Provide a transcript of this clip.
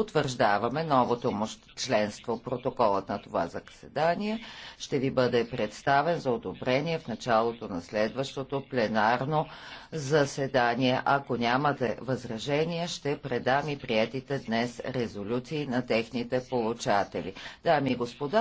потвърждаваме новото му членство. Протоколът на това заседание ще ви бъде представен за одобрение в началото на следващото пленарно заседание. Ако нямате възражения, ще предам и приятите днес резолюции на техните получатели. Дами и господа,